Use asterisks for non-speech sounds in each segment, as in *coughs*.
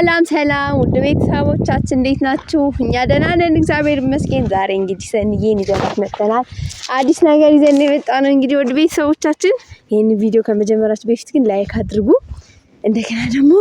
ሰላም ሰላም ውድ ቤተሰቦቻችን እንዴት ናችሁ? እኛ ደህና ነን፣ እግዚአብሔር ይመስገን። ዛሬ እንግዲህ ሰንዬን ይዘናት መጥተናል። አዲስ ነገር ይዘን የመጣ ነው። እንግዲህ ውድ ቤተሰቦቻችን ይህን ቪዲዮ ከመጀመራችሁ በፊት ግን ላይክ አድርጉ። እንደገና ደግሞ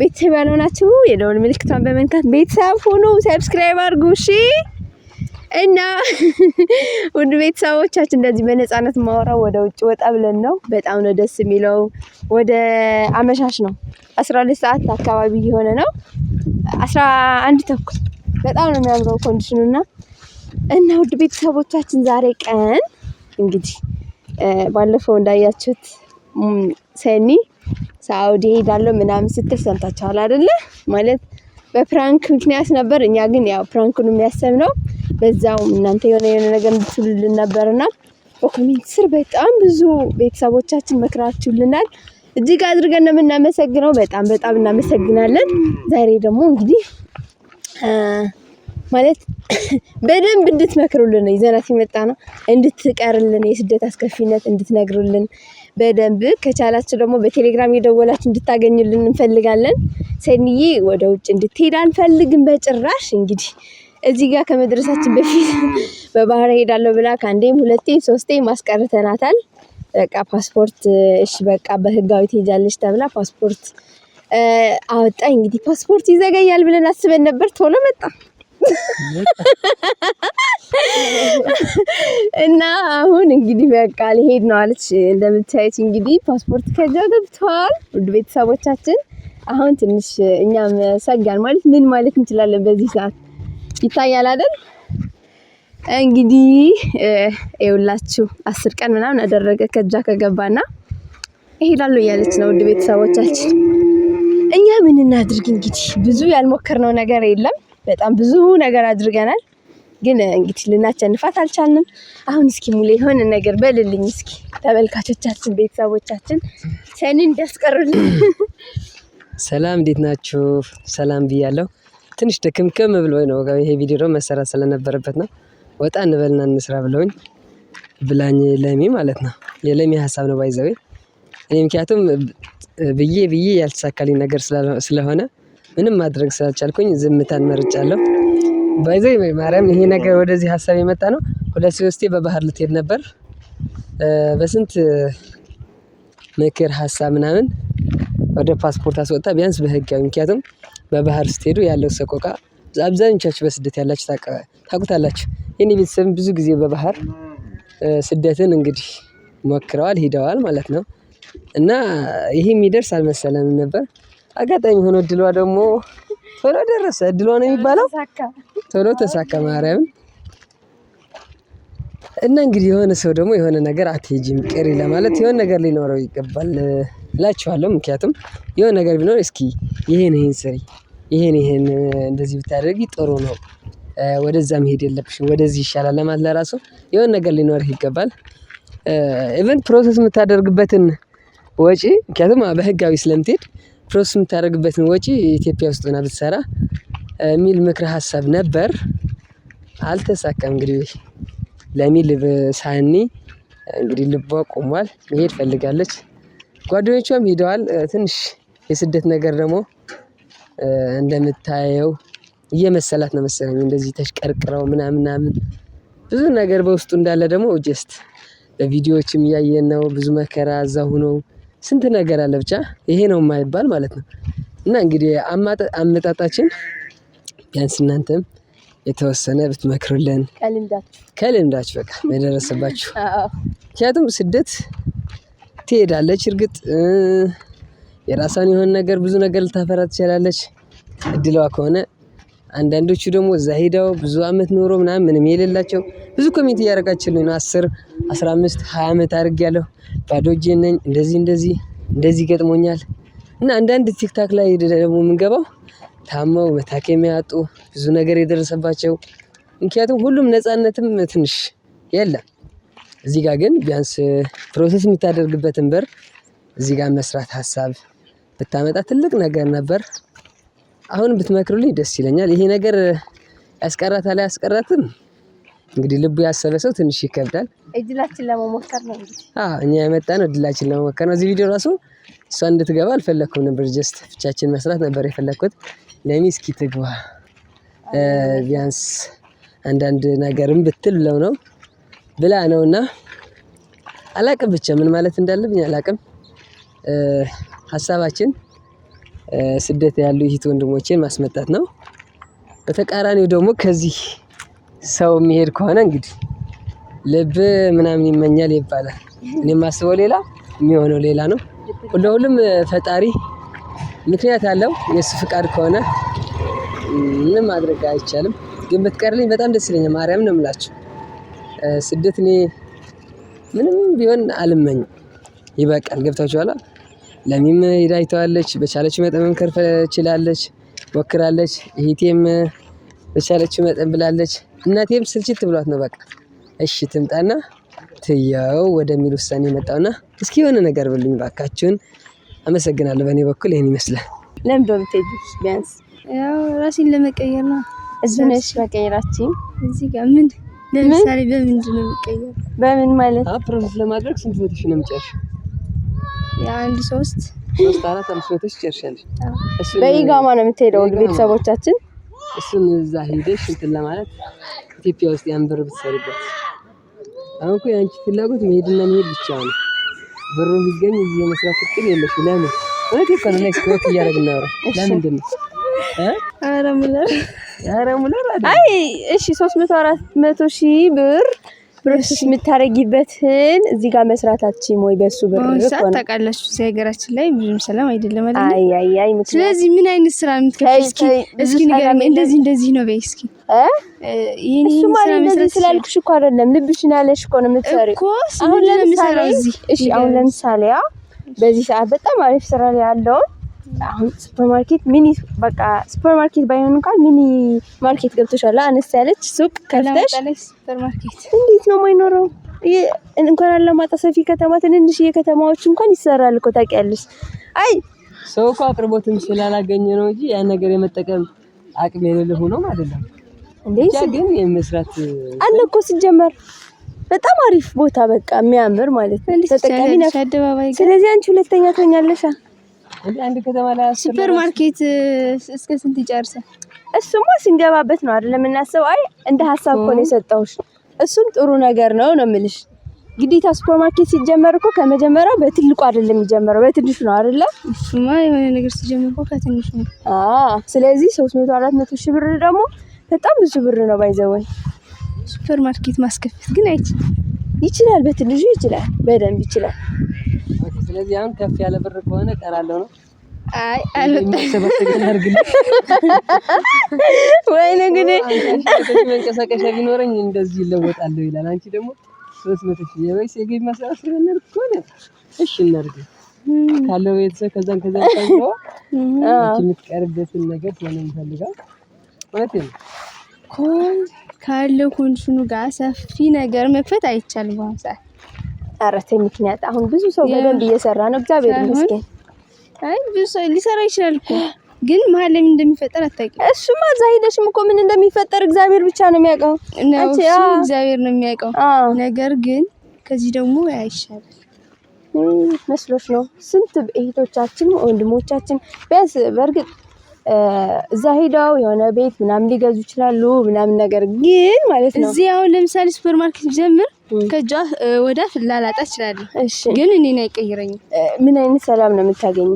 ቤተሰብ ያልሆናችሁ የደወል ምልክቷን በመንካት ቤተሰብ ሁኑ፣ ሰብስክራይብ አድርጉ እሺ። እና ውድ ቤተሰቦቻችን እንደዚህ በነፃነት ማውራው ወደ ውጭ ወጣ ብለን ነው። በጣም ነው ደስ የሚለው። ወደ አመሻሽ ነው፣ አስራ ሁለት ሰዓት አካባቢ የሆነ ነው፣ አስራ አንድ ተኩል። በጣም ነው የሚያምረው ኮንዲሽኑ እና እና ውድ ቤተሰቦቻችን ዛሬ ቀን እንግዲህ ባለፈው እንዳያችሁት ሰኒ ሳውዲ ሄዳለሁ ምናምን ስትል ሰምታችኋል አይደለ? ማለት በፕራንክ ምክንያት ነበር። እኛ ግን ያው ፕራንኩን የሚያሰብ ነው በዛው እናንተ የሆነ የሆነ ነገር እንድትሉልን ነበርና በኮሜንት ስር በጣም ብዙ ቤተሰቦቻችን መክራችሁልናል። እጅግ አድርገን ነው የምናመሰግነው። በጣም በጣም እናመሰግናለን። ዛሬ ደግሞ እንግዲህ ማለት *coughs* በደንብ እንድትመክሩልን ነው ይዘናት የመጣ ነው። እንድትቀርልን የስደት አስከፊነት እንድትነግሩልን በደንብ ከቻላችሁ ደግሞ በቴሌግራም የደወላችሁ እንድታገኙልን እንፈልጋለን። ሰኒዬ ወደ ውጭ እንድትሄድ አንፈልግም በጭራሽ እንግዲህ እዚህ ጋር ከመድረሳችን በፊት *laughs* በባህር ሄዳለሁ ብላ ከአንዴም ሁለቴ ሶስቴ ማስቀርተናታል። በቃ ፓስፖርት እሺ፣ በቃ በህጋዊ ትሄጃለች ተብላ ፓስፖርት አወጣኝ። እንግዲህ ፓስፖርት ይዘገያል ብለን አስበን ነበር፣ ቶሎ መጣ *laughs* እና አሁን እንግዲህ በቃ ሊሄድ ነው አለች። እንደምታየች እንግዲህ ፓስፖርት ከዛ ገብተዋል። ውድ ቤተሰቦቻችን አሁን ትንሽ እኛም ሰጋን ማለት ምን ማለት እንችላለን በዚህ ሰዓት ይታያል አይደል? እንግዲህ ይኸውላችሁ አስር ቀን ምናምን አደረገ ከጃ ከገባና እሄዳለሁ እያለች ነው። ውድ ቤተሰቦቻችን እኛ ምን እናድርግ እንግዲህ ብዙ ያልሞከርነው ነገር የለም። በጣም ብዙ ነገር አድርገናል፣ ግን እንግዲህ ልናቸንፋት አልቻልንም። አሁን እስኪ ሙሌ የሆነ ነገር በልልኝ እስኪ ተመልካቾቻችን፣ ቤተሰቦቻችን ሰኒ እንዳስቀሩልን። ሰላም እንዴት ናችሁ? ሰላም ብያለሁ። ትንሽ ደክምክም ብሎኝ ነው ይሄ ቪዲዮ ደግሞ መሰራት ስለነበረበት ነው። ወጣ እንበልና እንስራ ብለውኝ ብላኝ ለሚ ማለት ነው። የለሚ ሀሳብ ነው ባይዘዌ እኔ ምክንያቱም ብዬ ብዬ ያልተሳካልኝ ነገር ስለሆነ ምንም ማድረግ ስላልቻልኩኝ ዝምታን መርጫለሁ። ባይዘዌ ማርያም ይሄ ነገር ወደዚህ ሀሳብ የመጣ ነው። ሁለት ሶስቴ በባህር ልትሄድ ነበር በስንት ምክር ሀሳብ ምናምን ወደ ፓስፖርት አስወጣ ቢያንስ በህጋዊ ምክንያቱም በባህር ስትሄዱ ያለው ሰቆቃ አብዛኞቻችሁ በስደት ያላችሁ ታውቁታላችሁ። የኔ ቤተሰብ ብዙ ጊዜ በባህር ስደትን እንግዲህ ሞክረዋል ሂደዋል ማለት ነው። እና ይሄ የሚደርስ አልመሰለንም ነበር። አጋጣሚ ሆኖ እድሏ ደግሞ ቶሎ ደረሰ። እድሏ ነው የሚባለው ቶሎ ተሳካ ማርያምን። እና እንግዲህ የሆነ ሰው ደግሞ የሆነ ነገር አትሄጂም ቅሪ ለማለት የሆነ ነገር ሊኖረው ይገባል። እላችኋለሁ። ምክንያቱም የሆነ ነገር ቢኖር እስኪ ይሄን ይሄን ስሪ ይሄን ይሄን እንደዚህ ብታደርጊ ጥሩ ነው ወደዛ መሄድ የለብሽም ወደዚህ ይሻላል ለማለት ለራሱ የሆነ ነገር ሊኖርህ ይገባል። ኢቨን ፕሮሰስ የምታደርግበትን ወጪ ምክንያቱም በህጋዊ ስለምትሄድ ፕሮሰስ የምታደርግበትን ወጪ ኢትዮጵያ ውስጥ ሆና ብትሰራ የሚል ምክረ ሀሳብ ነበር። አልተሳካም እንግዲህ ለሚል ሳኒ እንግዲህ ልቧ ቆሟል መሄድ ፈልጋለች ጓደኞቿም ሄደዋል። ትንሽ የስደት ነገር ደግሞ እንደምታየው እየመሰላት ነው መሰለኝ እንደዚህ ተሽቀርቅረው ምናምን ምናምን ብዙ ነገር በውስጡ እንዳለ ደግሞ ጀስት በቪዲዮዎችም እያየን ነው። ብዙ መከራ እዛ ሁኖ ስንት ነገር አለ። ብቻ ይሄ ነው የማይባል ማለት ነው። እና እንግዲህ አመጣጣችን ቢያንስ እናንተም የተወሰነ ብትመክሩልን ከልምዳችሁ በቃ የደረሰባችሁ ምክንያቱም ስደት ትሄዳለች። እርግጥ የራሷን የሆነ ነገር ብዙ ነገር ልታፈራ ትችላለች እድለዋ ከሆነ። አንዳንዶቹ ደግሞ እዛ ሄደው ብዙ አመት ኖሮ ምናምን ምንም የሌላቸው ብዙ ኮሚኒቲ እያደረጋችልኝ ነው። አስር አስራ አምስት ሀያ አመት አድርጌያለሁ ባዶ እጄን ነኝ እንደዚህ እንደዚህ እንደዚህ ገጥሞኛል እና አንዳንድ ቲክታክ ላይ ደግሞ የምንገባው ታመው መታከሚያ የሚያጡ ብዙ ነገር የደረሰባቸው ምክንያቱም ሁሉም ነፃነትም ትንሽ የለም። እዚህ ጋር ግን ቢያንስ ፕሮሰስ የምታደርግበትን በር እዚህ ጋር መስራት ሀሳብ ብታመጣ ትልቅ ነገር ነበር። አሁን ብትመክሩልኝ ደስ ይለኛል። ይሄ ነገር ያስቀራታል ያስቀራትም። እንግዲህ ልቡ ያሰበ ሰው ትንሽ ይከብዳል። እድላችን ለመሞከር ነው። አዎ እኛ የመጣ ነው እድላችን ለመሞከር ነው። እዚህ ቪዲዮ ራሱ እሷ እንድትገባ አልፈለግኩም ነበር። ጀስት ብቻችን መስራት ነበር የፈለግኩት። ለሚ እስኪ ትግባ ቢያንስ አንዳንድ ነገርም ብትል ብለው ነው ብላ ነውና አላቅም ብቻ ምን ማለት እንዳለብኝ አላቅም። ሀሳባችን ስደት ያሉ ይህት ወንድሞችን ማስመጣት ነው። በተቃራኒው ደግሞ ከዚህ ሰው የሚሄድ ከሆነ እንግዲህ ልብ ምናምን ይመኛል ይባላል። እኔ የማስበው ሌላ የሚሆነው ሌላ ነው። ለሁሉም ፈጣሪ ምክንያት አለው። የእሱ ፍቃድ ከሆነ ምንም ማድረግ አይቻልም። ግን ብትቀርልኝ በጣም ደስ ይለኛል። ማርያም ነው የምላቸው? ስደት እኔ ምንም ቢሆን አልመኝ፣ ይበቃል። ገብታችሁ ገብታችኋላ። ለሚም ሄዳ በቻለች መጠን መምከር ችላለች፣ ሞክራለች። እህቴም በቻለች መጠን ብላለች። እናቴም ስልችት ብሏት ነው በቃ እሺ ትምጣና ትያው ወደሚል ውሳኔ የመጣውና እስኪ የሆነ ነገር ብሉኝ ባካችሁን። አመሰግናለሁ። በእኔ በኩል ይህን ይመስላል። ለምን ዶ ቢያንስ ያው ራሴን ለመቀየር ነው። እዚህ ነሽ መቀየራችን እዚህ ጋር ምን ለምሳሌ በምንድን ነው የሚቀየረው? በምን ማለት ፕሮሰስ ለማድረግ ስንት ቤትሽ ነው የምጨርሽው? የአንድ ሶስት ሶስት አራት አምስት ቤቶች ጨርሻለሽ። በኢጋማ ነው የምትሄደው ቤተሰቦቻችን እሱን እዛ ሄደሽ እንትን ለማለት ኢትዮጵያ ውስጥ ያን ብር ብትሰሪበት። አሁን እኮ የአንቺ ፍላጎት መሄድና መሄድ ብቻ ነው። ብሩ ቢገኝ እዚህ የመስራት እቅድ የለሽም። ለምን? እውነት እኮ ነው። ኔክስት ወክ እያደረግን ነው። ለምንድን ነው አይ እሺ፣ ሶስት መቶ አራት መቶ ሺህ ብር ብሮስ የምታረጊበትን እዚህ ጋር መስራታችን ወይ በሱ ብር ነው እዚህ ሀገራችን ላይ ብዙም ሰላም አይደለም አይ ስለዚህ ምን አይነት ስራ የምትከፍይ እስኪ ንገረኝ። እንደዚህ እንደዚህ ነው በይ እስኪ እ ስላልኩሽ እኮ አይደለም ልብሽን ያለሽ እኮ ነው የምትሰሪው እኮ። አሁን ለምሳሌ እሺ፣ አሁን ለምሳሌ በዚህ ሰዓት በጣም አሪፍ ስራ ላይ ያለውን አሁን ሱፐር ሚኒ በቃ ሱፐር ማርኬት ባይሆን እንኳን ሚኒ ማርኬት ገብቶሻል። አነስ ያለች ሱቅ ከፍተሽ እንዴት ነው የማይኖረው? እንኳን አላማጣ ሰፊ ከተማ ትንንሽዬ ከተማዎች እንኳን ይሰራል እኮ ታውቂያለሽ። አይ ሰው እኮ አቅርቦትም ስላላገኘ ነው እንጂ ያን ነገር የመጠቀም አቅም የሌለ ሆኖ አይደለም እንዴ። ግን የመስራት አለ እኮ ሲጀመር በጣም አሪፍ ቦታ በቃ የሚያምር ማለት ነው። ተጠቃሚ ናት። ስለዚህ አንቺ ሁለተኛ ትሆኛለሻ አንድ ከተማ ላይ ሱፐር ማርኬት እስከ ስንት ይጨርሳል? እሱማ ስንገባበት ነው አይደለም እናስበው። አይ እንደ ሀሳብ እኮ ነው የሰጠሁሽ። እሱም ጥሩ ነገር ነው ነው የምልሽ። ግዴታ ሱፐር ማርኬት ሲጀመር እኮ ከመጀመሪያው በትልቁ አይደለም የሚጀመረው በትንሹ ነው አይደለ? እሱማ የሆነ ነገር ሲጀምር እኮ ከትንሹ ነው። አዎ፣ ስለዚህ አራት መቶ ሺህ ብር ደግሞ በጣም ብዙ ብር ነው ባይዘወይ። ሱፐር ማርኬት ማስከፈት ግን አይችልም። ይችላል፣ በትንሹ ይችላል፣ በደንብ ይችላል። ስለዚህ አሁን ከፍ ያለ ብር ከሆነ እቀራለሁ ነው። አይ *laughs* ወይኔ ግን መንቀሳቀሻ ቢኖረኝ እንደዚህ ይለወጣለሁ ይላል። አንቺ ደግሞ ሶስት መቶ ሺህ የበይስ የገቢ ማሰባሰብ እናድርግ ከሆነ እሺ እናድርግ ካለው ቤተሰብ ከዛን ከዛ የምትቀርበትን ነገር ሆነ ይፈልጋል። ማለት ነው። ካለው ኮንሽኑ ጋር ሰፊ ነገር መክፈት አይቻልም በአሁኑ ሰዓት በማጣራት ምክንያት አሁን ብዙ ሰው በደንብ እየሰራ ነው። እግዚአብሔር ይመስገን። አይ ብዙ ሰው ሊሰራ ይችላል እኮ ግን መሀል ላይ ምን እንደሚፈጠር አታውቂም። እሱማ እዛ ሄደሽም እኮ ምን እንደሚፈጠር እግዚአብሔር ብቻ ነው የሚያውቀው። እሱ እግዚአብሔር ነው የሚያውቀው። ነገር ግን ከዚህ ደግሞ ያይሻል መስሎሽ ነው። ስንት እህቶቻችን ወንድሞቻችን ቢያንስ በእርግጥ እዛ ሄደው የሆነ ቤት ምናምን ሊገዙ ይችላሉ ምናምን ነገር ግን ማለት ነው እዚህ አሁን ለምሳሌ ሱፐርማርኬት ጀምር ከእጇ ወዳፍ ላላጣ እችላለሁ፣ ግን እኔን አይቀይረኝም። ምን አይነት ሰላም ነው የምታገኝ?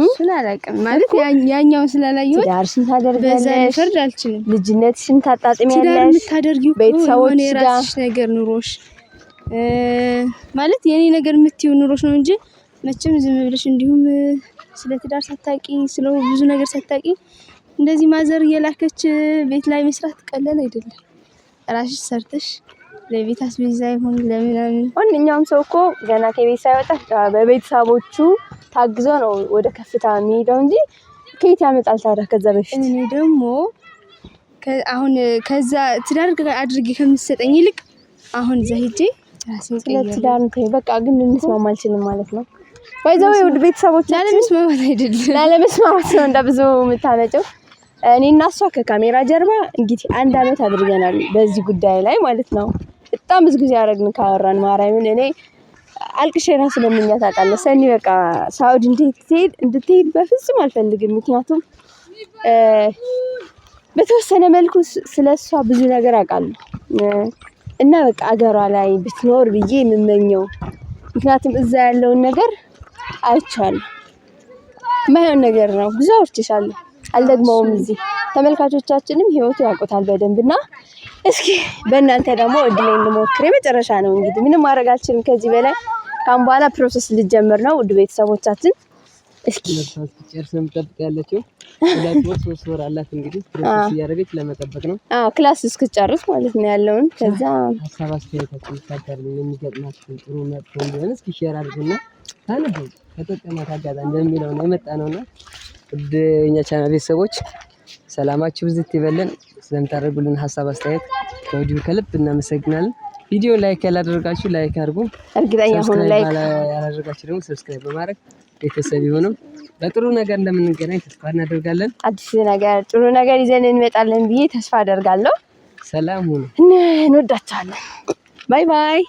እሱን አላውቅም። ማለት ያኛውን ስላላየሁት ትዳርሽን ታደርጊያለሽ፣ ፍርድ አልችልም። ልጅነትሽን ታጣጥሚያለሽ። ትዳር የምታደርጊው ቤተሰቦች የራስሽ ነገር ኑሮሽ፣ ማለት የኔ ነገር የምትይው ኑሮሽ ነው እንጂ መቼም ዝም ብለሽ እንዲሁም ስለ ትዳር ሳታቂ ስለ ብዙ ነገር ሳታቂ እንደዚህ ማዘር እየላከች ቤት ላይ መስራት ቀለል አይደለም። ራስሽ ሰርተሽ ለቤት አስቤዛ ይሁን ለምናምን ማንኛውም ሰው እኮ ገና ከቤት ሳይወጣ በቤተሰቦቹ ታግዞ ነው ወደ ከፍታ የሚሄደው እንጂ ከየት ያመጣል ታዲያ? ከዛ በፊት እኔ ደግሞ አሁን ከዛ ትዳር አድርጌ ከምትሰጠኝ ይልቅ አሁን እዛ ሄጄ ራሴን ትዳር በቃ ግን ልንስማማ አልችልም ማለት ነው። ባይዘው ውድ ቤተሰቦች ላለመስማማት አይደለም ላለመስማማት ነው እንደ ብዙ የምታመጨው እኔ እና እሷ ከካሜራ ጀርባ እንግዲህ አንድ አመት አድርገናል በዚህ ጉዳይ ላይ ማለት ነው። በጣም ብዙ ጊዜ አደረግን ካወራን ማርያምን እኔ አልቅሼ ራሱ ለምኛ ታውቃለህ። ሰኒ በቃ ሳውድ እንድትሄድ እንድትሄድ በፍጹም አልፈልግም። ምክንያቱም በተወሰነ መልኩ ስለ እሷ ብዙ ነገር አውቃለሁ እና በቃ አገሯ ላይ ብትኖር ብዬ የምመኘው ምክንያቱም እዛ ያለውን ነገር አይቻለሁ። የማይሆን ነገር ነው ብዙ አውርቼሻለሁ። አልደግመውም። እዚህ ተመልካቾቻችንም ህይወቱ ያውቁታል በደንብና እስኪ በእናንተ ደግሞ እድሜን እንሞክር። የመጨረሻ ነው እንግዲህ ምንም ማድረግ አልችልም ከዚህ በላይ። ካሁን በኋላ ፕሮሰስ ልጀምር ነው ውድ ቤተሰቦቻችን። እስኪ የምጠብቅ ያለችው ሁለት ወር ሶስት ወር አላት። እንግዲህ ፕሮሰስ እያደረገች ለመጠበቅ ነው። አዎ ክላስ እስክትጨርስ ማለት ነው ያለውን። ከዛ ሀሳብ አስተያየታችን ጥሩ መጥፎ እንዲሆን እስኪ ሼር አድርጉና ከጠቀማት ነው የመጣ ነውና ቤተሰቦች ሰላማችሁ ብዝት ይበለን። ስለምታደርጉልን ሀሳብ አስተያየት ከወዲሁ ከልብ እናመሰግናለን። ቪዲዮ ላይክ ያላደረጋችሁ ላይክ አድርጉ። እርግጠኛ ሁኑ ላይክ ያላደረጋችሁ ደግሞ ሰብስክራይብ በማድረግ ቤተሰብ ይሁኑ። በጥሩ ነገር እንደምንገናኝ ተስፋ እናደርጋለን። አዲስ ነገር ጥሩ ነገር ይዘን እንመጣለን ብዬ ተስፋ አደርጋለሁ። ሰላም ሁኑ። እንወዳችኋለን። ባይ ባይ።